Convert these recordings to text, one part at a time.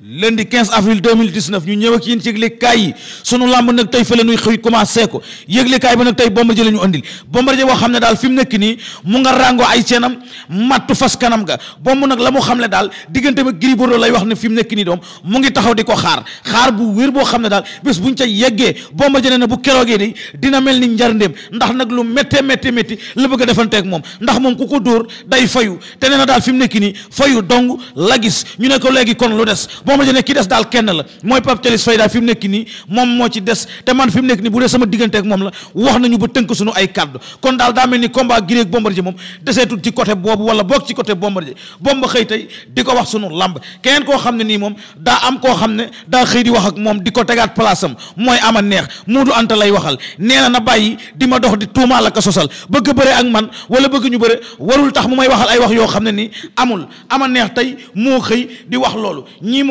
lundi 15 avril 2019 ñu ñëw ak yéen ci yëgle kaay yi sunu làmb nag tey fële nuy xëy commencé ko yëgle kaay ba nag tey Bombardier la ñu andil Bombardier boo xam ne daal fi mu nekk nii mu nga ràngoo ay ceenam mattu fas kanam ga bomb nag la mu xam ne daal diggante ba Gris Bordeaux lay wax fi mu nekk nii doom mu ngi taxaw di ko xaar xaar bu wér boo xam ne daal bés buñ ca yeggee Bombardier ne na bu keroogee ni dina mel ni njarndéem ndax nag lu méttee méttee métti la bëgg a defanteeg moom ndax moom ku ko dóor day fayu te nee na daal fi mu nekk nii fayu dong la gis ñu ne ko léegi kon lu des Bombardier ne ki des daal kenn la mooy Pape Thialis Faye daal nekk nii moom moo ci des te man fi mu nekk nii bu dee sama diggante ak moom la wax nañu ba tënk suñu ay kàddu kon daal daa mel ni combat Gris ak Bombardier moom deseetul ci côté boobu wala boog ci côté Bombardier bomba xëy tey di ko wax sunu làmb keneen koo xam ne nii moom daa am koo xam ne daa xëy di wax ak moom di ko tegaat place mooy ama neex moo Moodu Anta lay waxal nee na na bàyyi di ma dox di tuumaal ak a sosal bëgg bëre ak man wala bëgg ñu bëre warul tax mu may waxal ay wax yoo xam ne nii amul ama neex tey moo xëy di wax loolu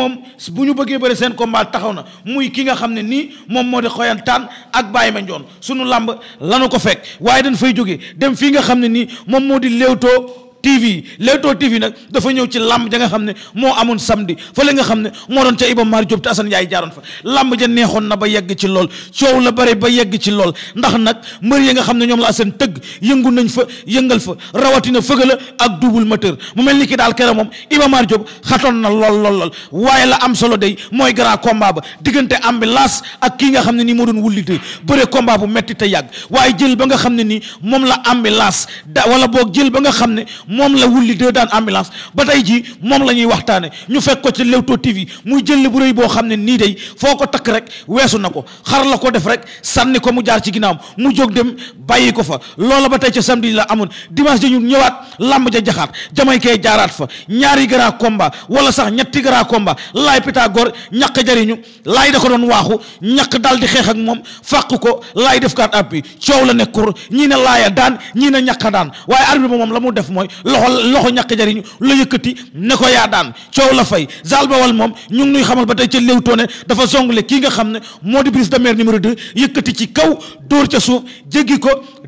moom bu ñu bëggee bëri seen combat taxaw na muy ki nga xam ne nii moom moo di xoyantaan ak Baye Mandione sunu làmb lanu ko fekk waaye dañ fay jóge dem fii nga xam ne nii moom moo di Leewtoo TV Leewtoo TV nag dafa ñëw ci làmb ja nga xam ne moo amoon samedi fële nga xam moo doon ca Iba Mar Diop te Assane Ndiaye jaaroon fa làmb ja neexoon na ba yegg ci lool coow la bare ba yegg ci lool ndax nag mbër yi nga xam ne ñoom la Assane tëgg yëngu nañ fa yëngal fa rawatina fëgala ak double moteur mu mel ni kii daal kere moom Iba Mar Diop na lool lool lool waaye la am solo day mooy grand combat ba diggante ambulance ak kii nga xam ne nii moo doon wulli de bëre combat bu metti te yàgg waaye jël ba nga xam ne nii moom la ambulance da wala boo jël ba nga xam ne moom la wulli de daan ambulance ba tey jii moom la ñuy waxtaane ñu fekk ko ci Leewtoo TV muy jël bu rëy boo xam ne nii day foo ko takk rek weesu na ko xar la ko def rek sànni ko mu jaar ci ginnaaw mu jóg dem bàyyi ko fa loola ba tey ca samedi la amoon dimanche dañu ñëwaat lamb ja jaxaat jamaykee jaaraat fa ñaari grand combat wala sax ñetti grand combat laay Pythagore ñaq jariñu laay da ko doon waaxu ñaq dal di xeex ak moom fàq ko laay def kaat ab bi coow la nekkur ñii ne laaya daan ñii ne ñaq daan waaye arbitre ba moom la mu def mooy loxo loxo ñaq jariñu la yëkkati ne ko yaa daan coow la fay zal bawal moom ñu ngi nuy xamal ba tey ca Leewtoo ne dafa zongle kii nga xam ne moo di Brise de Mer numéro 2 yëkkati ci kaw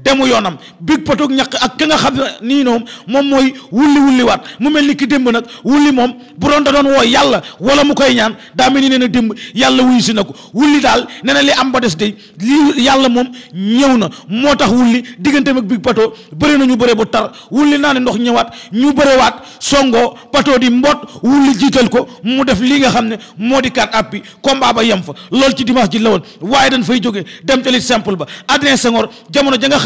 demu yoonam big potoog ñaq ak ka nga xam nii noom moom mooy wulli wulli waat mu mel ni ki démb nag wulli moom bu doon da doon woo yàlla wala mu koy ñaan daa mel ni nee na démb yàlla wuyu si na ko wulli daal nee na li am ba des de lii yàlla moom ñëw na moo tax wulli digganteem ak big pato bëri na ñu bëre bu tar wulli naa ne ndox ñëwaat ñu waat songoo pato di mboot wulli jiital ko mu def lii nga xam ne moo di kat appi combat ba yam fa loolu ci dimanche ji la woon waaye dañ fay jógee dem ca li ba Adrien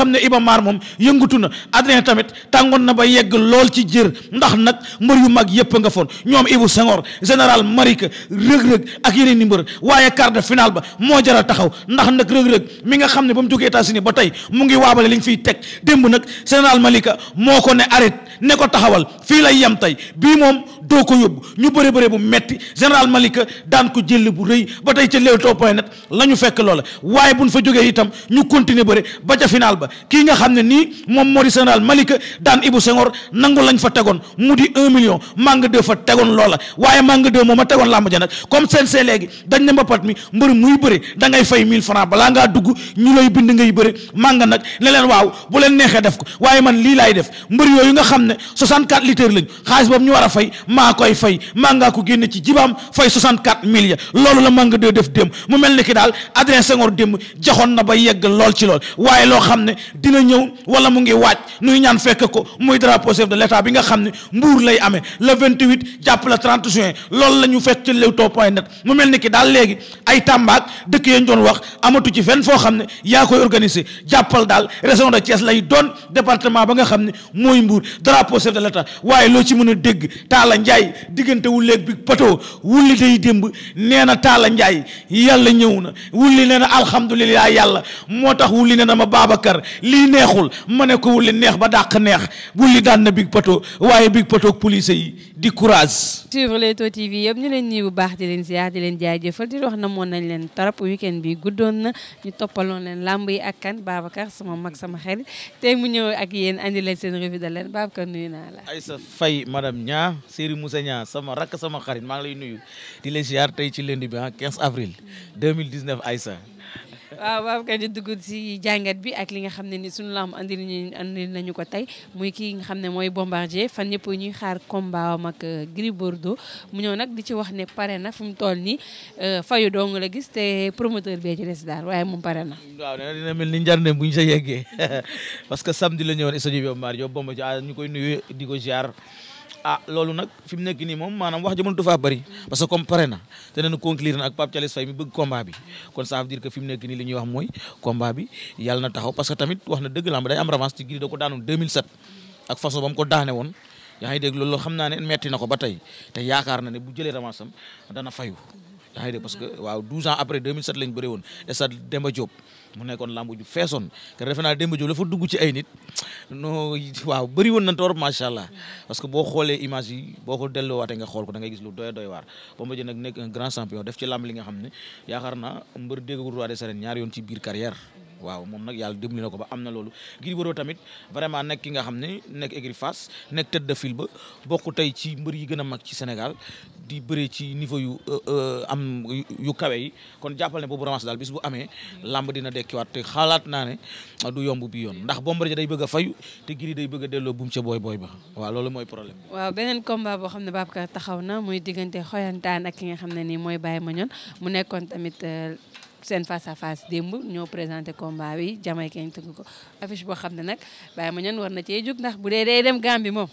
xam ne Iba Mar moom yëngatu na Adrien tamit tàngoon na ba yegg lool ci jër ndax nag mbër yu mag yëpp nga foon ñoom Ibou Senghor général Malika rëg-rëg ak yeneen i mbër waaye quart finale ba moo jaral taxaw ndax nag rëg-rëg mi nga xam ne ba mu jógee États-Unis ba tey mu ngi waabale li ñu fiy teg démb nag général Malika moo ko ne arrête ne ko taxawal fii lay yem tey bii moom doo ko yóbbu ñu bëre bëre bu metti général Malika daan ko jël bu rëy ba tey ca Leewtoo point net la ñu fekk loola waaye buñ fa jógee itam ñu continuer bëre ba ca final ba kii nga xam ne nii moom moo di général Malika daan Ibou Senghor nangu lañ fa tegoon mu di un million màng 2 fa tegoon loola waaye màng 2 moom a tegoon làmb ja nag comme seen see léegi dañ ne mbapat mi mbër muy bëre da ngay fay 1000 francs balaa ngaa dugg ñu lay bind ngay bëre Manga nag ne leen waaw bu leen neexee def ko waaye man lii laay def xam ne 64 litres lañ xaalis boobu ñu war a fay maa koy fay màngaa ko génne ci jibaam fay 64 millions loolu la mànga dee def démb mu mel ni ki daal Adrien Senghor démb joxoon na ba yegg lool ci lool waaye loo xam ne dina ñëw wala mu ngi waaj nuy ñaan fekk ko muy drapeau chef de l'état bi nga xam ne mbuur lay amee le 28 jàpp le 30 juin loolu la ñu fekk ci Leewtoo point net mu mel ni ki daal léegi ay tàmbaak dëkk yañ doon wax amatu ci fenn foo xam ne yaa koy organiser jàppal daal région de Thiès lay doon département ba nga ne mooy drapeau chef de l'état waaye loo ci mën a dégg Talla Ndiaye diggante wulleeg bi pato wulli day démb nee na Talla Ndiaye yàlla ñëw na wulli nee na alhamdulilah yàlla moo tax wulli nee na ma Babacar lii neexul ma ne ko wulli neex ba dàq neex wulli daan na big pato waaye big pato police yi di courage. suivre Leewtoo TV yëpp ñu leen nuyu bu baax di leen ziar di leen jaajëfal di wax na moon nañ leen torop weekend bi guddoon na ñu toppaloon leen làmb yi ak kan Babacar sama mag sama xarit te mu ñëw ak yéen andi leen seen revue de l'arène Babacar nuyu naa la. Aïssa fay madame Nia Serigne Moussa Nia sama rakk sama xarit maa ngi lay nuyu di leen ziar tey ci lundi bi ah 15 avril 2019 Aïssa. waaw waaw kay di si jàngat bi ak li nga xam ne ni suñu lamb andi ñu andil nañu ko tey muy kii nga xam ne mooy bombardier fan ñëpp ñuy xaar combat am ak euh, Gris Bordeaux mu ñëw nag di ci wax ne pare na fu mu toll nii euh, fayu dong la gis te promoteur bee ci des daal waaye moom pare na. waaw nee na dina mel ni njarndem bu ñu sa yeggee parce que di la ñëwoon studio bi Mario Bombardier ah, ñu koy nuyu di ko ziar. ah loolu nag fi mu nekk nii moom maanaam wax jamono dafaa bëri parce que comme pare na te nañu conclure na ak Pape Thialis Faye mi bëgg combat kon ça veut dire que fi nii li ñuy wax mooy combat bi yàlla na taxaw parce que tamit wax na dëgg ba day am revanche ci Gris da ko daanoon 2007 ak façon ba ko daane woon yaa ngi dégg loolu xam naa ne metti na ko ba tey te yaakaar na ne bu jële revanche am dana fayu yaa ngi dégg que waaw 12 ans après 2007 mu nekkoon lambu ju feesoon ker defe naa demb jo la fa dugg ci ay nit no waaw bëri woon na toor macha allah parce que boo xoolee image yi boo ko delluwaatee nga xool ko da ngay gis lu doy doy waar Bombardier nag nekk un grand champion def ci lamb li nga xam ne yaakaar naa mbër déggagul roi des arènes ñaar yoon ci biir carrière waaw moom nag yàlla dimbali na ko ba am na loolu Gris Bordeaux tamit vraiment nekk ki nga xam ne nekk écurie nekk tête de file ba bokk tey ci mbër yi gën a mag ci Sénégal di bëree ci niveau yu euh, euh, am yu kawe kon jàppal ne boobu revanche daal bis bu amee lamb dina dekkiwaat te xalaat naa ne du yomb bi yoon ndax Bombardier day bëgg a fayu te Gris day bëgg a delloo buum ca booy booy ba waaw loolu mooy problème waaw beneen combat boo xam ne Babacar taxaw na ki nga xam ne nii mooy Baye Mañon seen face à face démb ñoo présenté combat bi jamaïcain tëgg ko affiche boo xam ne nag Baye Mandione na bu dee day dem Gambie moom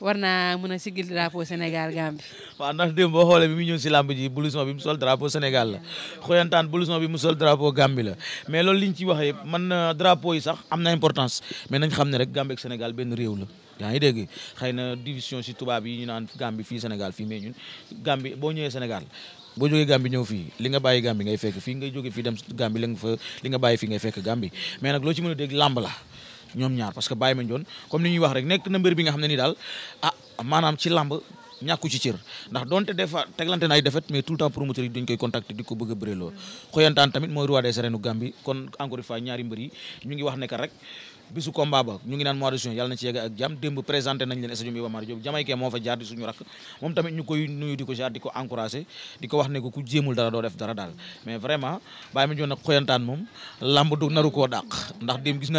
war naa a sigil drapeau Sénégal Gambie. waaw ndax démb boo xoolee bi mu ñëw si làmb ji blouson bi mu sol drapeau Sénégal la xoyantaan blouson bi mu sol drapeau Gambie la mais loolu li ñu ci wax yëpp man euh, drapeau yi sax am na importance mais nañ xam ne rek Gambie ak Sénégal benn réew la. yaa ngi dégg xëy na division si tubaab yi ñu naan Gambie fii Sénégal fii mais ñun Gambie boo ñëwee Sénégal boo jógee Gambie ñëw fii li nga bàyyi Gambie ngay fekk fii ngay jóge fii dem Gambie la nga fa li nga bàyyi fii ngay fekk Gambie mais nag loo ci mën a dégg làmb la ñoom ñaar parce que Baye Mandione comme ni ñuy wax rek nekk na mbër bi nga xam ne ni daal ah maanaam ci làmb ñàkku ci cër ndax donte des fois teglante na ay mais tout temps promoteur yi koy contacter di ko bëgg a bëree lool xoyantaan tamit mooy roi des arènes kon encore une na ci yegg ak jàmm démb présenté nañ leen stadium Iba Mar Diop jamaykee moo fa jaar suñu rakk moom tamit ñu koy nuyu di ko jaar ko encouragé di ko wax ne ku jéemul dara doo def dara daal mais vraiment bàyyi ma nag xoyantaan moom lamb du naru koo dàq ndax démb gis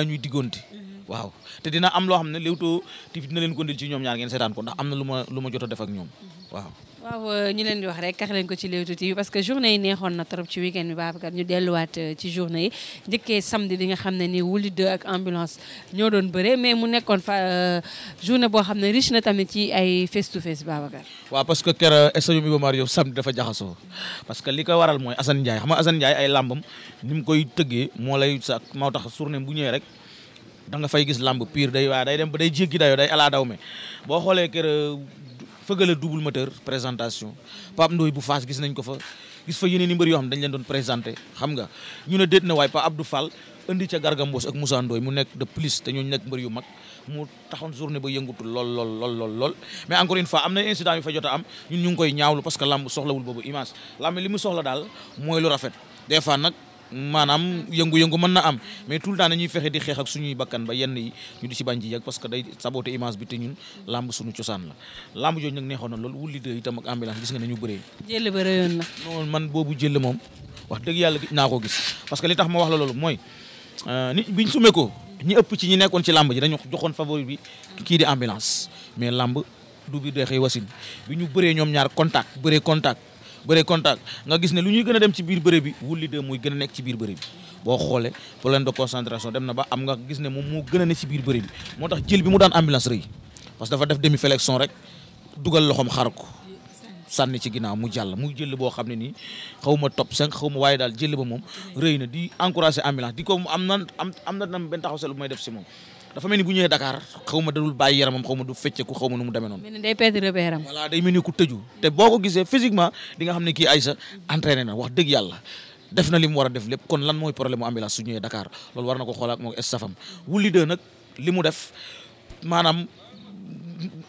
waaw te dina am loo xam ne Leewtoo TV dina leen ko ci ñoom ñaar ngeen seetaan ko ndax am na lu ma lu ma jot a def ak ñoom waaw ñu leen di wax rek kax leen ko ci Leewtoo TV parce que journée yi neexoon na trop ci week-end bi Babacar ñu delluwaat euh, ci journée yi njëkkee samedi di nga xam ne ni Wuli 2 ak ambulance ñoo doon bëre mais mu nekkoon fa euh, journée boo xam ne riche na tamit ci ay face to face Babacar waaw parce que kera euh, stade Iba Mar Diop samedi dafa jaxasoo parce que li ko waral mooy Assane Ndiaye xam nga Assane Ndiaye ay làmbam ni mu koy tëggee moo lay sa moo tax journée bu ñëwee rek da nga fay gis làmb pire day waa day dem ba day jéggi dayoo day alaa me boo xoolee kër euh, fëgale double moteur présentation Pape Ndoye bu Fass gis nañ ko fa gis fa yeneen i mbër yoo xam dañ leen doon présenté xam nga ñu ne déet na waaye Pape Abdou Fall indi ca Garga Mbossé ak Moussa mu nekk de plus te ñooñu nekk mbër yu mag mu taxoon journée ba yëngutul lool lool lool lool lool mais encore une fois am na incident yu fa jot am ñun ñu ngi koy ñaawlu parce que làmb soxlawul boobu image làmb li daal mooy lu rafet maanaam yëngu-yëngu mën na am mais tout le temps dañuy fexe di xeex ak suñuy bakkan ba yenn yi ñu di si bañ ci yàgg parce que day saboté image bi te ñun lamb suñu cosaan la lamb jooju neexoon na loolu wulli de itam ak ambulance gis nga nañu bëree jël ba rëyoon la man boobu jël moom wax dëgg yàlla gis naa ko gis parce que li tax ma wax la loolu mooy euh, nit biñ sumee ko ñi ëpp ci ñi nekkoon ci lamb ji dañu joxoon favori bi kii di ambulance mais làmb du biir dee xëy wasin bi ñu bëree ñoom ñaar contact bëree contact bëre contact nga gis ne lu ñuy gën dem ci biir bëre bi Wouly 2 muy gën nekk ci biir bëre bi boo xoolee problème de concentration dem na ba am nga gis ne moom moo gën ne ci biir bëre bi moo tax jël bi mu daan ambulance rëy parce que dafa def demi flexion rek dugal loxoom xar ko sànni ci ginnaaw mu jàll muy jël boo xam ne nii xaw ma top cinq xaw ma waaye daal jël ba moom rëy na di encourager ambulance di ko am na am am na benn taxaw seetlu bu may def si moom dafa mel ni bu ñëwee dakaar xaw ma dadul bàyyi yaramam xaw ma du fecceeku xaw ma nu mu demee noonu. mel ni day boo ko gisee physiquement di nga xam ne kii Aïssa entraîné na wax dëgg yàlla def na li mu war a def lépp kon lan mooy problème mu ambulance su ñëwee Dakar loolu war na ko xoolaat moom estafam wulli de nag li mu def maanaam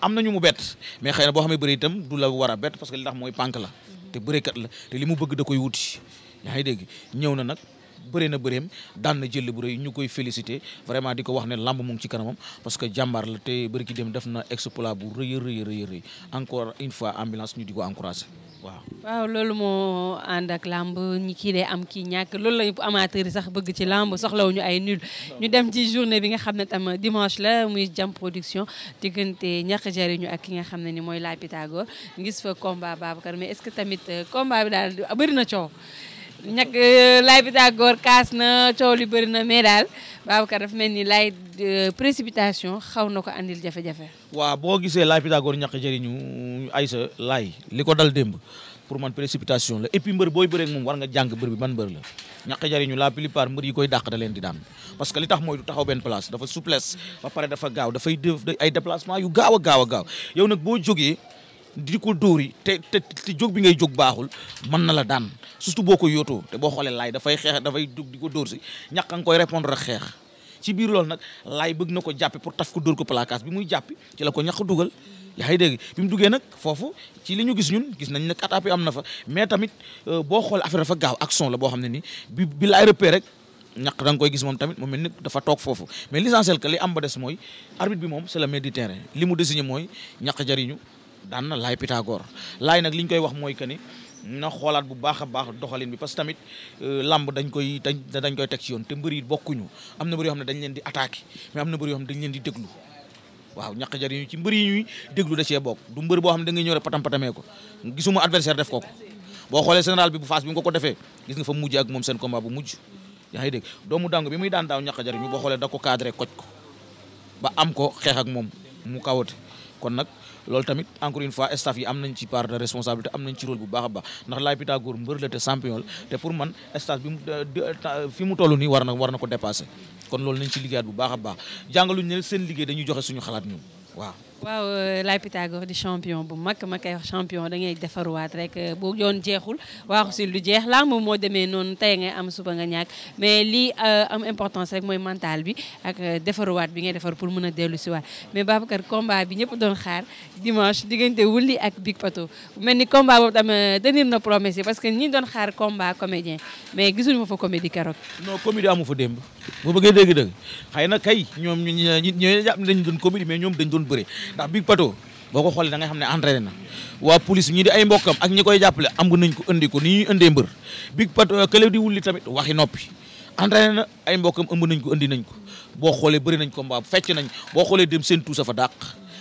am na ñu mu bett mais xëy na boo xamee bëri itam du la war a bett parce que li tax mooy pànk la te bëreekat la te li mu bëgg da koy wuti yaa ngi dégg ñëw na nag. bëri na bëreem daan na jël bu rëy ñu koy félicité vraiment di ko wax ne làmb moom ci kanamam parce que jàmbaar la te bëri ki dem def na exploit bu rëy rëy encore une fois ambulance ñu di ko encouragé loolu moo ànd ak lamb kii dee am kii ñàkk loolu la amateur yi sax bëgg ci làmb soxlawuñu ay nul ñu dem ci journée bi nga xam ne tam dimanche la muy jam production diggante ñàkk jariñu ak ki nga xam ne nii mooy la Pythagore ngis fa combat Babacar mais est-ce que tamit euh, combat bi daal bëri na coow. ñàkk euh, laay bi tàggoor kaas na coow li bëri na mais daal Babacar dafa mel ni laay euh, précipitation xaw na ko andil jafe-jafe. waaw boo gisee laay bi tàggoor ñàkk jëriñu ay sa laay li ko dal démb pour man précipitation la et puis mbër booy bëree ak moom war nga jàng mbër bi ban mbër la ñàkk jëriñu la plupart mbër yi koy dàq da leen di daan parce que li tax mooy du taxaw benn place dafa souplesse ba pare dafa gaaw dafay def ay déplacement yu gaaw a gaaw a gaaw yow nag boo jógee. di ko dóor yi te te jóg bi ngay jóg baaxul mën na la daan surtout boo ko yootoo te boo xoolee laay dafay xeex dafay dugg di ko dóor si ñàkk nga koy répondre ak xeex ci biir loolu nag laay bëgg na ko jàppe pour taf ko dóor ko placage bi muy jàppi ci la ko ñàkk dugal yaa ngi dégg bi mu duggee nag foofu ci li ñu gis ñun gis nañ ne attaque am na fa mais tamit euh, boo xoolee affaire fa gaaw action la boo xam ne nii bi bi laay rëppee rek ñàkk danga koy gis moom tamit mu mel ni dafa toog foofu mais l'essentiel que li am ba des mooy arbitre bi moom c'est terrain li mu désigné mooy ñàkk jariñu daan na laay Pythagore laay nag li koy wax mooy que na xoolaat bu baax a baax doxalin bi parce que tamit euh, lamb dañ koy dañ dañ koy yoon te mbër yi bokkuñu am na mbër yoo xam ne dañ leen di attaqué mais am na mbër yoo xam ne dañ leen di déglu waaw ñàkk jariñu ci mbër yi ñuy déglu da cee bokk du mbër boo xam ne da ngay ñëw rek patam patamee ko gisuma adversaire def ko ko boo xoolee général bi bu faas bi nga ko defee gis nga fa mujj ak moom seen combat bu da ko cadré koj ko ba am ko xeex mu kawate loolu tamit encore une fois staff yi am nañ ci part de responsabilité am nañ ci rôle bu baax a baax ndax laay Pythagore mbër la te champion la te pour man staff fi mu toll nii war na war na ko dépasser kon loolu nañ ci liggéeyaat bu baax a baax jàngaluñ ne seen liggéey dañuy joxe suñu xalaat ñun waaw waaw euh, laay Pythagore di champion bu mag ma koy wax champion da ngay waat rek euh, boo yoon jeexul waaxu si lu jeex laa moom moo demee noonu tey ngay am suba nga ñàkk mais li euh, am importance rek mooy mental bi ak defaruwaat bi ngay defar pour mën a dellu si waat mais Babacar combat ñëpp doon xaar dimanche diggante Wouly ak Big Pato mel ni combat boobu tam tenir na promesse parce que ñi doon xaar combat comédien mais gisuñu ma fa comédie keroog. non comédie amu fa démb. boo bëggee dégg-dégg xëy na kay ñoom ñu ñu ñu jàpp ñoom dañu doon bëre. ndax Big Pato boo ko xoolee da nga xam ne entraîné na waa police ñi di ay mbokkam ak ñi koy jàppale am nañ ko indi ko ni ñuy indee mbër Big Pato euh, kële di wulli tamit waxi noppi entraîné na ay mbokkam ëmb nañ ko indi nañ ko boo xoolee bëri nañ ko mbaa fecc nañ boo xoolee dem seen tuusa fa dàq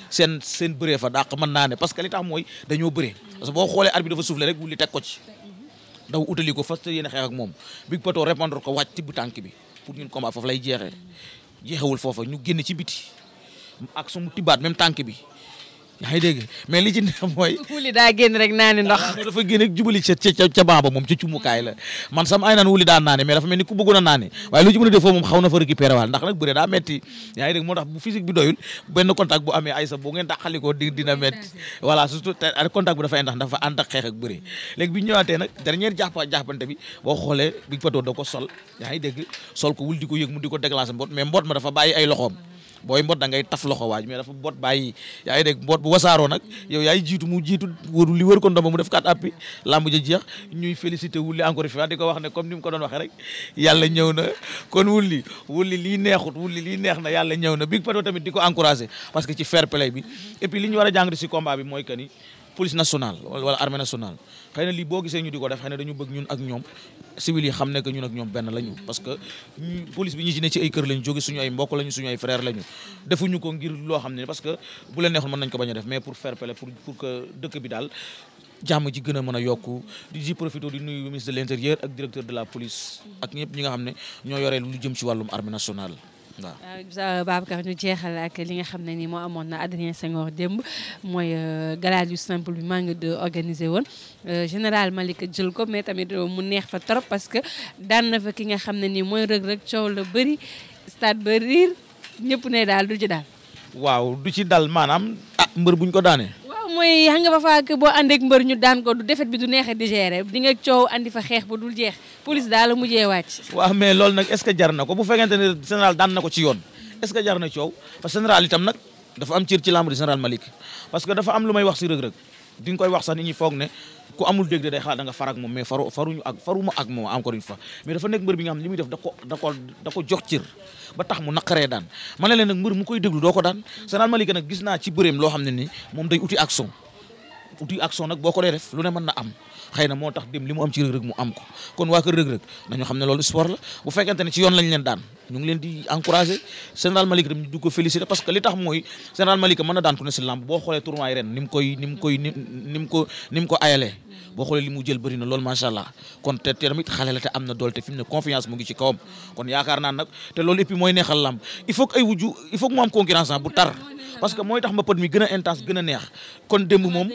seen seen bëree fa dàq mën naa ne parce que li tax mooy dañoo bëree parce que boo xoolee arbitre bi dafa soufflé rek wulli teg ko ci daw utali ko fas yéene xeex ak moom Big Pato répondre ko wàcc tibb tànk bi pour ñun combat foofu lay jeexee jeexewul foofa ñu génn ci biti ak su mu tibaat même tànk bi yaa ngi dégg mais li ci neex mooy. wuli daa génn rek naani ndox. Ah, dafa génn rek jubali ca ca ca baaba moom ca cumukaay la man sam ay naan wuli daan naani mais dafa mel ni ku bëggoon a naani waaye lu ci na a def foofu moom xaw na fa récupéré waal ndax nag bëre daa metti yaa ngi moo tax bu physique bi doyul benn contact bu amee ay sa boo ngeen ndax dafa ànd ak xeex bi ñu ñëwaatee nag dernière jàppa jàppante bi boo xoolee bi patoo da ko sol yaa ngi dégg sol ko wul ko di ko déclenché mboot mais mboot ma dafa bàyyi ay booy mbot da ngay taf loxo waaj mais dafa mbot bàyyi yaa ngi dégg mbot bu wasaaroo nag yow yaay jiitu mu jiitu wëru li wër ko ndomba mu def kat appi lamb ja jeex ñuy félicité wulli encore fi di ko wax ne comme ni mu ko doon waxee rek yàlla ñëw na kon wulli wulli lii neexut wulli lii neex na yàlla ñëw na big pato tamit di ko encouragé parce que ci fair play bi et puis war a jàng si combat bi mooy que ni police nationale wala armée nationale xëy na lii boo gisee ñu di ko def xëy na dañu bëgg ñun ak ñoom civil yi xam ne que ñun ak ñoom benn la ñu parce que police bi ñi ci ne ci ay kër lañu jóge suñu ay mbokk lañu suñu ay frère lañu ñu ko ngir loo xam ne parce que bu leen neexoon mën nañ ko bañ a def mais pour faire pele pour pour que dëkk bi daal jàmm ji gën a mën a yokk di ci profité di nuyu ministre de l'intérieur ak directeur de la police ak ñëpp ñi nga xam ne ñoo yoree jëm ci wàllum armée waaw euh, Babacar ñu jeexal ak li nga xam ne nii moo amoon na Adrien Senghor démb mooy euh, gala yu simple bi mangue de organiser woon euh, général Malick jël ko mais tamit mu neex fa trop parce que daan na fa ki nga xam ne nii mooy rëg-rëg coow la bëri stade ba riir ñëpp ne daal du ci daal waaw du ji dal maanaam ah mbër buñ ko daanee mooy xam nga ba faak boo àndeek mbër ñu daan ko du defet bi du neex a digéré di nga coow andi fa xeex ba dul jeex police daal la mujjee wàcc waa mais loolu nag est-ce que jar na ko bu fekkente ne général daan na ko ci yoon est-ce que jar na coow parce que général itam nag dafa am cër ci lamb di général Malick parce que dafa am lu may wax si rëg-rëg di nga koy wax sax nit ñi foog ne ku amul dégg day xalaat da nga far ak moom mais faru faruñu ak faruma ak moom encore une fois mais dafa nekk mbër bi nga xam ne li muy def da jox cër ba tax mu naqaree daan ma ne leen nag mbër mu koy déglu doo ko daan Général Malika nag gis naa ci bëreem loo xam ne ni moom day uti action uti action nag boo ko dee def lu ne mën na am xëy na moo tax dem li mu am ci rëg-rëg mu am ko kon waa rëg-rëg nañu xam ne loolu sport la bu fekkente ne ci yoon lañ leen daan ñu leen di encouragé général Malick tam du ko félicité parce que li tax mooy général Malick mën na daan ku ne si lamb boo xoolee tournoi yi ren koy ni ko ni boo xoolee li mu jël bëri na loolu allah kon te tamit xale la te am na doole te fi ne confiance mu ngi ci kawam kon yaakaar naa nag te loolu et parce que mooy tax mbapat mi gën a intense a neex kon démb moom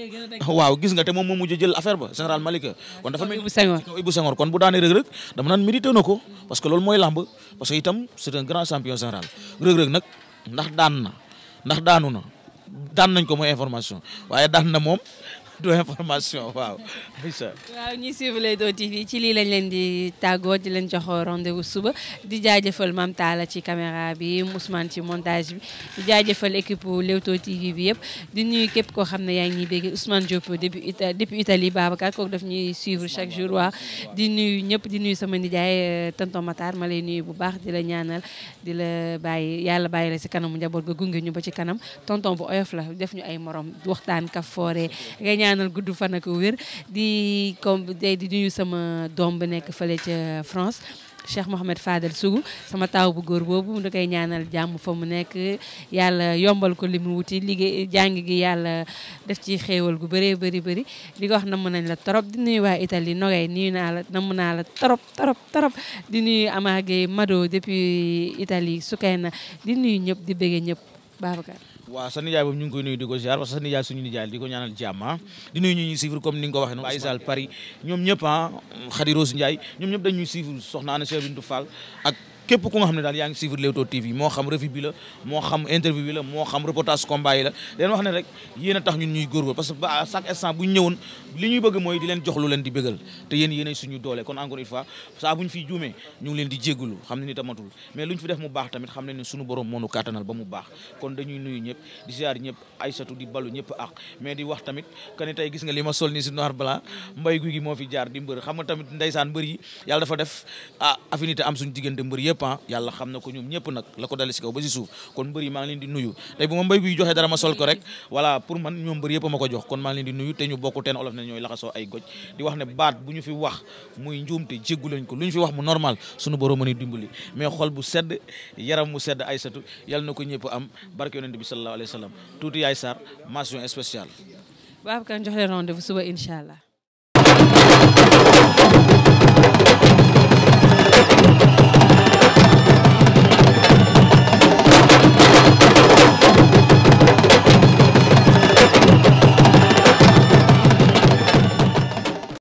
waaw gis nga te moom moo mujj jël affaire ba général Malika kon dafa mel ni Ibou Senghor kon bu daanee rëg-rëg dama naan mérité na ko parce que loolu mooy làmb parce que itam c'est un grand champion général rëg-rëg nag ndax daan na ndax daanu na daan nañ ko mooy information waaye daan na moom du information waaw. waaw ñi suivre Leewtoo TV ci lii lañ leen di tàggoo di leen jox rendez-vous suba di jaajëfal Mame Talla ci caméra bi mu Ousmane ci montage bi di jaajëfal équipe Leewtoo TV bi yëpp di nuy képp koo xam ne yaa ngi ñuy béggee Ousmane Diop depuis depuis Italie Babacar kooku daf ñuy suivre chaque jour waa di nuyu ñëpp di nuy sama nijaay euh, tonton Matar ma lay nuy bu baax di la ñaanal di la bàyyi yàlla bàyyi la si kanamu njaboot ga gungee ñu ba ci kanam tonton bu ñaanal gudd fan ak wér di comme day di nuyu sama doom bu nekk fële ca France Cheikh Mohamed Fadel Sougou sama taaw bu góor boobu mu da koy ñaanal jàmm fa mu nekk yàlla yombal ko li mu wuti liggéey jàng gi yàlla def ci xéewal gu bëree bëri bëri di ko wax namm nañ la trop di nuy waa Italie nogay nuyu naa la namm naa la trop trop trop di nuyu Amage Mado di nuyu ñëpp di bëggee ñëpp Babacar waaw sa nijaay boobu ñu ngi koy nuyu di ko ziar parce que sa nijaay suñu nijaay di ko ñaanal jàmm ah. di nuyu ñu ñuy suivre comme ni nga ko waxee Paris ñoom ñëpp ah Khady Rose Ndiaye ñoom ñëpp dañuy suivre soxna Anna Cheikh Bintou Fall képp ku nga xam ne daal yaa ngi suivre Leewtoo TV moo xam revue bi la moo xam interview bi la moo xam reportage combat yi la leen wax ne rek yéen a tax ñun ñuy góorgóor parce que ba chaque instant bu ñu ñëwoon li ñuy bëgg mooy di leen jox lu leen di bëggal te yéen yéenay suñu doole kon encore une fois saa bu ñu fiy juumee ñu leen di jégalu xam ne ni tamatul mais lu ñu fi def mu baax tamit xam ne ni suñu borom moo nu kàttanal ba mu baax kon dañuy nuyu ñëpp di siyaar ñëpp aysatu di balu ñëpp ak mais di wax tamit ne tey gis nga li ma sol ni si noir blanc mbay moo fi jaar di mbër xam nga tamit ndeysaan mbër yi yàlla dafa def ah affinité am suñu diggante mbër yëpp ñëpp ah yàlla xam na ko ñoom ñëpp nag la ko dale si kaw ba si suuf kon mbër yi leen di nuyu tey bu ma mbéy bi joxee dara ma sol ko rek voilà pour man ñoom mbër yëpp ko jox kon maa leen di nuyu te ñu bokku olof ne ñooy laxasoo ay goj di wax ne baat bu ñu fi wax muy njuumte jéggu ko lu ñu fi wax mu normal suñu borom mën a mais xol bu sedd yaram mu sedd ay satu yàlla na ko ñëpp am barke yonent bi sallallahu alayhi wa sallam tuuti yaay sar